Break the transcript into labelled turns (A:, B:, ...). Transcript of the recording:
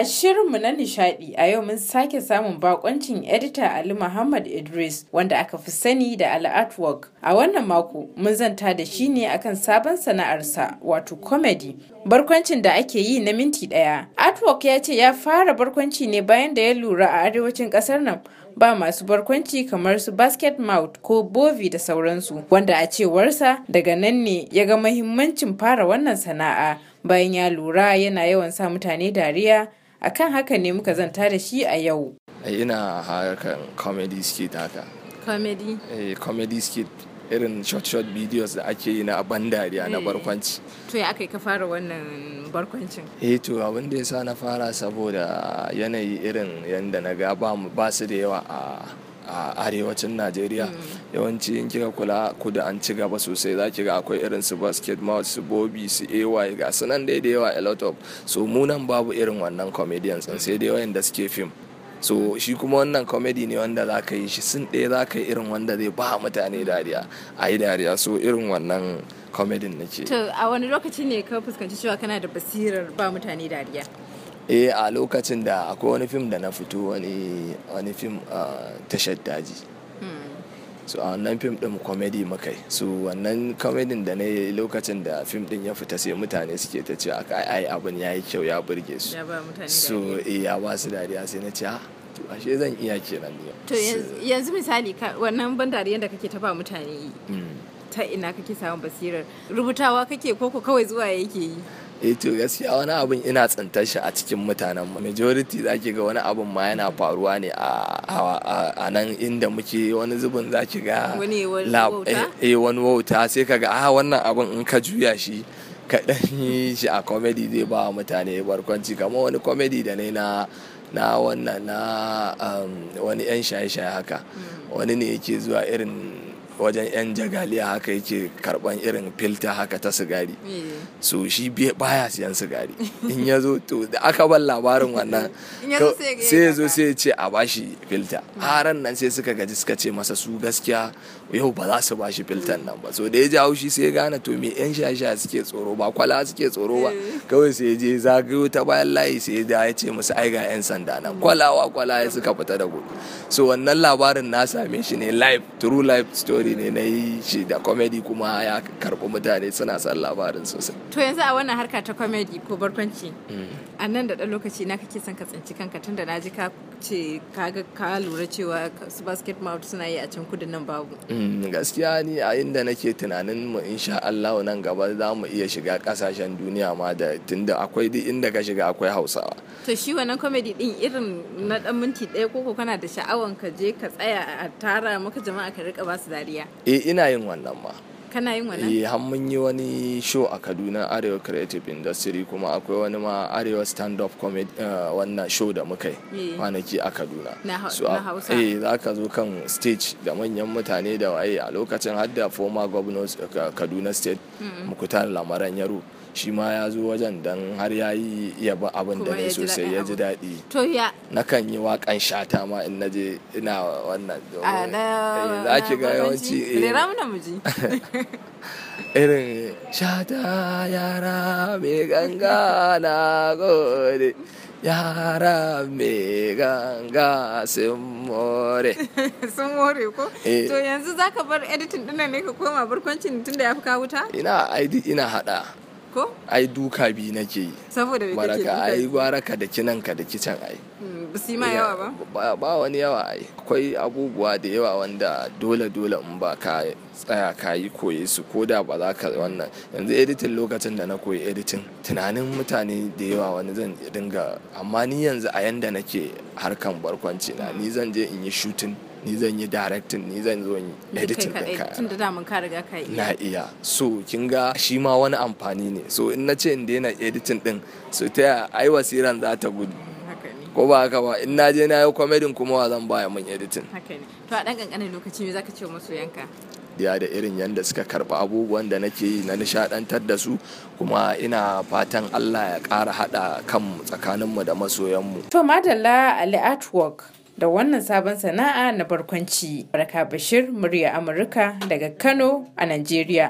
A: A shirinmu na nishaɗi a yau mun sake samun bakoncin edita Ali Muhammad Idris wanda aka fi sani da Ali Artwork. A wannan mako mun zanta da shi ne akan sabon sana'arsa wato comedy. Barkwancin da ake yi na minti ɗaya. Artwork ya ce ya fara barkwanci ne bayan da ya lura a arewacin ƙasar nan ba masu barkwanci kamar su basket mouth ko bovi da sauransu wanda a cewarsa daga nan ne ya ga mahimmancin fara wannan sana'a bayan ya lura yana yawan sa mutane dariya A kan haka ne muka zanta da shi a yau
B: eh, ina harkar comedy skit haka comedy eh comedy skit irin short short videos da ake yi na ban dariya na eh. barkwanci
A: to ya aka yi ka fara wannan barkwancin
B: eh to abin da sa na fara saboda yanayi irin yanda na ga ba su da yawa a a arewacin najeriya mm. yawanci in kika kula kuda an ci gaba sosai za ki ga akwai irin su basket mouth su bobi su ay ga sunan dai da yawa a lot of so munan babu irin wannan comedians sai dai wayanda suke fim so shi kuma wannan comedy ne wanda za ka yi shi sun ɗaya za ka yi irin wanda zai ba mutane dariya a yi dariya so irin wannan comedy nake to
A: a wani lokaci ne ka fuskanci cewa kana da basirar ba mutane dariya
B: eh a lokacin da akwai wani fim da na fito wani fim a tashar daji hmm. so a wannan fim din comedy makai so wannan comedy da na yi lokacin da fim din ya fita sai mutane suke ta ce ai ai abin ya yi kyau ya burge su so eh ya ba su dariya sai na ce ah, to ashe zan iya kenan ne to
A: yanzu misali wannan ban dariyar da kake ta ba mutane hmm. ta ina kake samun basirar rubutawa kake koko kawai zuwa yake yi
B: eh to gaskiya wani abin ina tsintar shi a cikin mutanen mu majority zaki ga wani abin ma yana faruwa ne a nan inda muke wani zubin za ki ga wani eh, eh, wauta sai ga a ah, wannan abin in ka juya shi kaɗan yi shi a comedy zai ba mutane barkwanci kamar wani comedy da ne na na wannan na um, wani 'yan shaye-shaye haka mm. wani ne yake zuwa irin wajen yan jagaliya haka yake karban irin filta haka ta sigari so shi baya siyan sigari in ya zo to da aka ban labarin wannan sai ya zo sai ya ce a bashi filta mm. haran nan sai suka gaji suka ce masa su gaskiya yau ba za su bashi filtan nan ba so da ya ji haushi sai ya gane to me yan shasha suke tsoro ba kwala suke tsoro ba kawai sai ya je zagayo ta bayan layi sai ya da ya ce musu ai ga yan sanda nan kwalawa ya suka fita da gudu so wannan labarin na same shi ne live true life story labari ne na yi shi da comedy kuma ya karɓi mutane suna son labarin sosai
A: to yanzu a wannan harka ta comedy ko barkwanci mm. a nan da ɗan lokaci na kake son ka tsinci kanka tunda na ji ka ce kaga ka lura cewa su basket mouth suna yi a can kudin nan babu
B: mm, gaskiya ni a inda nake tunanin mu insha Allah nan gaba za mu iya shiga ƙasashen duniya ma da tunda akwai duk inda ka shiga akwai Hausawa
A: to shi wannan comedy din irin na dan minti ɗaya koko kana da sha'awan ka je ka tsaya a tara maka jama'a ka rika basu dariya
B: eh ina yin wannan ma
A: kana yin wannan eh har
B: mun yi wani show a Kaduna Arewa Creative Industry kuma akwai wani ma Arewa Stand Up Comedy eh, wannan show da muka yi eh. kwanaki a Kaduna na Hausa eh zaka zo kan stage da manyan mutane da waye a lokacin har da former governors eh, Kaduna State Mukutan Lamaran Yaro shi ma ya zo wajen dan har ya yi yaba abin da ne sosai ya ji daɗi to ya na kan yi waƙan shata ma in naje ina wannan
A: za ki ga yawanci muji
B: irin shata yara mai ganga na gode yara mai ganga sun more sun more ko eh. to
A: yanzu za ka bar editing dinnan ne ka koma barkwancin tun da ya fi kawo
B: ina aidi ina hada ko ai duka bi nake yi saboda me kake duka ai ka, da kinan ka da kicin ai
A: hmm. su ma yawa
B: ba ba wani yawa ai akwai abubuwa da yawa wanda dole dole in ba ka tsaya ka yi koye su ko da ba za ka wannan yanzu editing lokacin da na koyi editing tunanin mutane da yawa wani zan dinga amma ni yanzu a yanda nake harkan barkwanci na ni zan je in yi shooting ni zan yi directing ni zan zo yi editing din ka tun
A: da damun ka riga ka na iya
B: so kin ga shi ma wani amfani ne so in na ce in daina editing din so ta ai wasiran za ta gudu ko ba haka ba in na je na yi kwamedin kuma wa zan baya mun editin
A: to a ɗan ƙanƙanin lokaci me zaka ce wa masoyanka
B: ya da irin yadda suka karɓi abubuwan da nake yi na nishadantar da su kuma ina fatan Allah ya ƙara haɗa kan tsakaninmu da masoyanmu.
A: To madalla Ali Artwork da wannan sabon sana'a na barkwanci. Baraka Bashir, murya Amurka daga Kano a Najeriya.